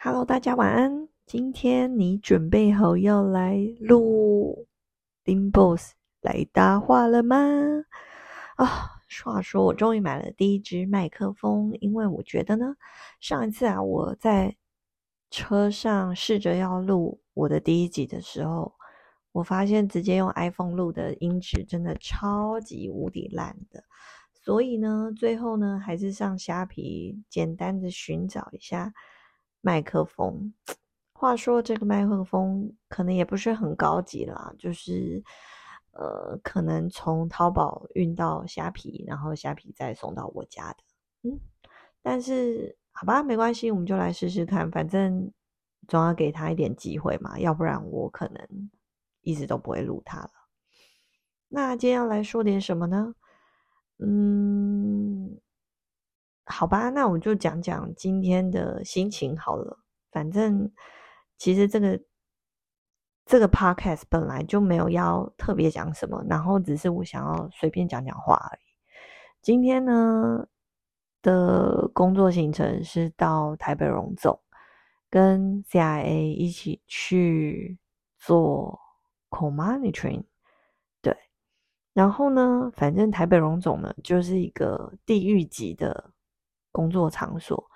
Hello，大家晚安。今天你準備好要來錄林 boss 來搭話了嗎？啊、哦，話說我終於買了第一支麥克風，因為我覺得呢，上一次啊我在車上試着要錄我的第一集的時候，我發現直接用 iPhone 錄的音質真的超級無敵爛的，所以呢，最後呢還是上蝦皮簡單的尋找一下。麥克風，話說這個麥克風可能也不是很高級啦，就是，呃，可能從淘寶運到蝦皮，然後蝦皮再送到我家的，嗯，但是好吧，沒關係，我們就來試試看，反正總要給他一點機會嘛，要不然我可能一直都不會錄他了。那今天要來說點什麼呢？嗯。好吧，那我就講講今天的心情好了。反正其實這個這個 podcast 本來就沒有要特別講什麼，然後只是我想要隨便講講話而已。今天呢的工作行程是到台北榮總跟 CIA 一起去做 community train，對。然後呢，反正台北榮總呢就是一個地獄級的。工作場所，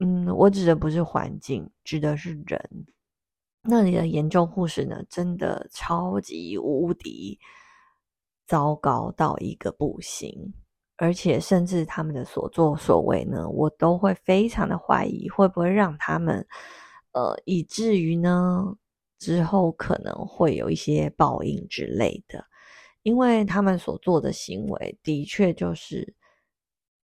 嗯，我指的不是環境，指的是人。那裡的研究護士呢，真的超級無敵糟糕到一個不行，而且甚至他們的所作所為呢，我都會非常的懷疑會不會讓他們，呃，以至於呢之後可能會有一些報應之類的，因為他們所做的行為的確就是。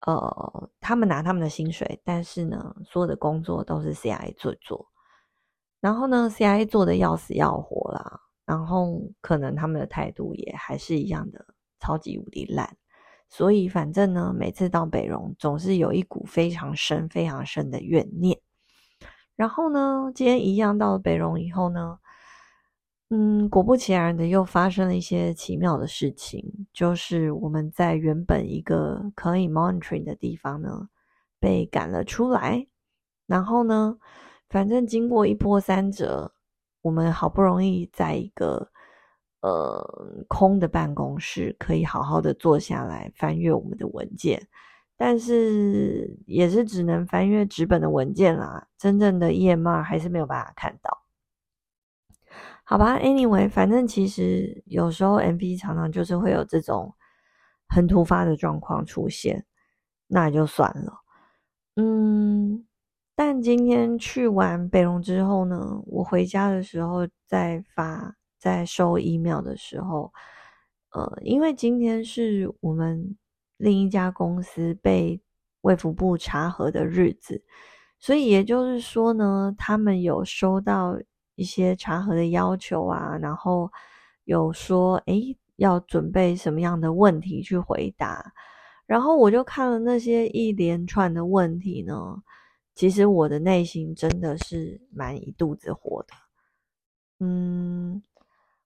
呃，他們拿他們的薪水，但是呢，所有的工作都是 C I 做做，然後呢，C I 做的要死要活啦，然後可能他們的態度也還是一樣的超級無敵爛，所以反正呢，每次到北榮總是有一股非常深、非常深的怨念。然後呢，今天一樣到了北榮以後呢。嗯，果不其然的，又發生了一些奇妙的事情，就是我們在原本一個可以 monitoring 的地方呢，被趕了出來。然後呢，反正經過一波三折，我們好不容易在一個呃空的辦公室，可以好好的坐下來翻閱我們的文件，但是也是只能翻閱紙本的文件啦，真正的 EMR 還是沒有辦法看到。好吧，Anyway，反正其實有時候 MP 常常就是會有這種很突發的狀況出現，那也就算了。嗯，但今天去完北龍之後呢，我回家的時候在發在收 email 的時候，呃，因為今天是我們另一家公司被衛福部查核的日子，所以也就是說呢，他們有收到。一些查核的要求啊，然後有說誒，要準備什麼樣的問題去回答，然後我就看了那些一連串的問題呢，其實我的內心真的是蠻一肚子火的。嗯，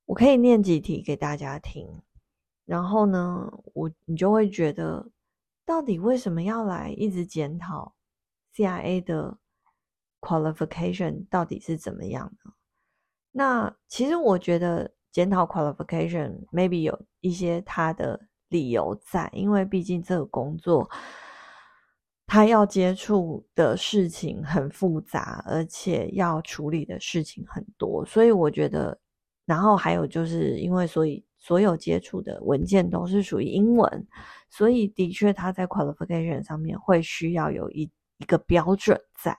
我可以念幾題給大家聽，然後呢，我你就會覺得，到底為什麼要來一直檢討 CIA 的 qualification 到底是怎麼樣？那其實我覺得檢討 qualification maybe 有一些他的理由在，因為畢竟這個工作他要接觸的事情很複雜，而且要處理的事情很多，所以我覺得，然後還有就是因為所以所有接觸的文件都是屬於英文，所以的確他在 qualification 上面會需要有一一個標準在，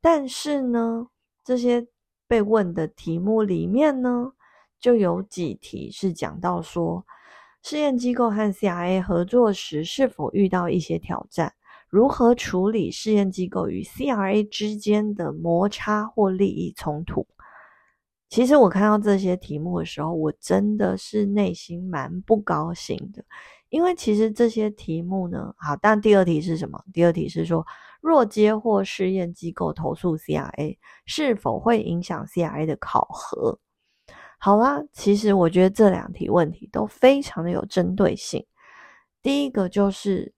但是呢，這些。被問的題目裡面呢，就有幾題是講到說，試驗機構和 CRA 合作時是否遇到一些挑戰？如何處理試驗機構與 CRA 之間的摩擦或利益衝突。其實我看到這些題目的時候，我真的是內心蠻不高興的。因為其實這些題目呢，好，但第二題是什麼？第二題是說，若接獲試驗機構投訴 CRA，是否會影響 CRA 的考核？好啦，其實我覺得這兩題問題都非常的有針對性。第一個就是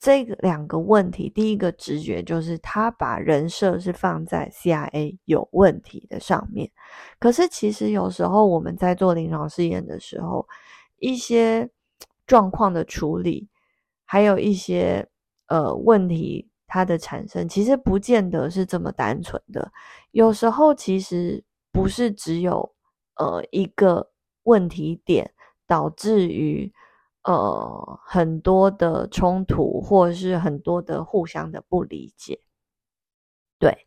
這個兩個問題，第一個直覺就是他把人設是放在 CRA 有問題的上面，可是其實有時候我們在做臨床試驗的時候，一些狀況的處理，還有一些呃問題它的產生，其實不見得是這麼單純的。有時候其實不是只有呃一個問題點導致於呃很多的衝突，或者是很多的互相的不理解。對，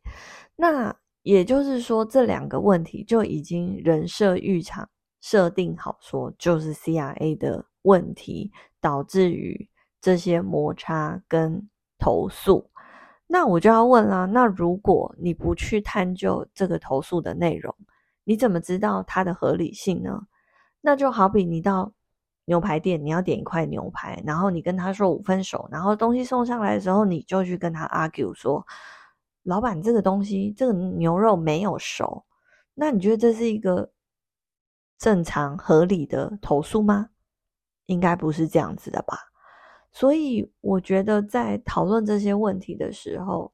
那也就是說這兩個問題就已經人設浴場。設定好說，就是 CRA 的問題導致於這些摩擦跟投訴。那我就要問啦，那如果你不去探究這個投訴的內容，你怎麼知道它的合理性呢？那就好比你到牛排店，你要點一塊牛排，然後你跟他說五分熟，然後東西送上來的時候，你就去跟他 argue 說，老板，這個東西這個牛肉沒有熟，那你覺得這是一個？正常合理的投訴嗎？應該不是這樣子的吧。所以我覺得，在討論這些問題的時候，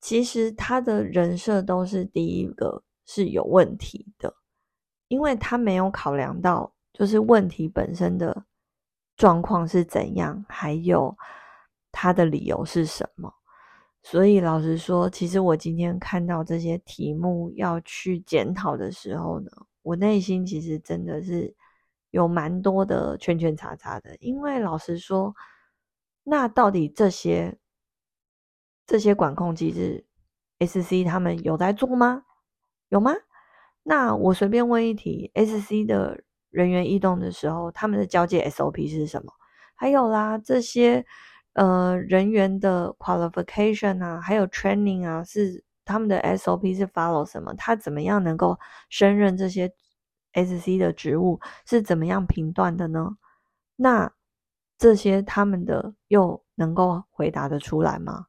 其實他的人設都是第一個是有問題的，因為他沒有考量到就是問題本身的狀況是怎樣，還有他的理由是什麼。所以老實說，其實我今天看到這些題目要去檢討的時候呢。我內心其實真的是有蠻多的圈圈叉叉的，因為老實說，那到底這些這些管控機制，SC 他們有在做嗎？有嗎？那我隨便問一題，SC 的人員異動的時候，他們的交接 SOP 是什麼？還有啦，這些呃人員的 qualification 啊，還有 training 啊，是。他們的 SOP 是 follow 什麼？他怎麼樣能夠勝任這些 SC 的職務？是怎麼樣評斷的呢？那這些他們的又能夠回答的出來嗎？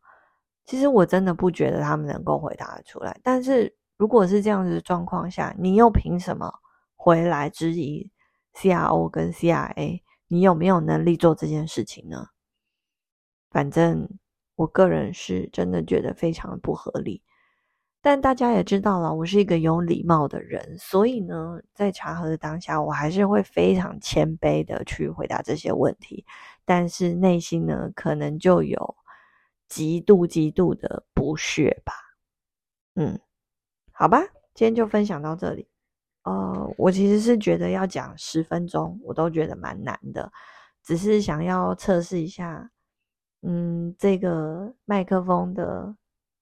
其實我真的不覺得他們能夠回答的出來。但是如果是這樣子的狀況下，你又憑什麼回來質疑 CRO 跟 c i a 你有沒有能力做這件事情呢？反正我個人是真的覺得非常的不合理。但大家也知道了，我是一個有禮貌的人，所以呢，在茶喝的當下，我還是會非常謙卑的去回答這些問題，但是內心呢，可能就有極度極度的不屑吧。嗯，好吧，今天就分享到這裡。呃，我其實是覺得要講十分鐘，我都覺得蠻難的，只是想要測試一下，嗯，這個麥克風的。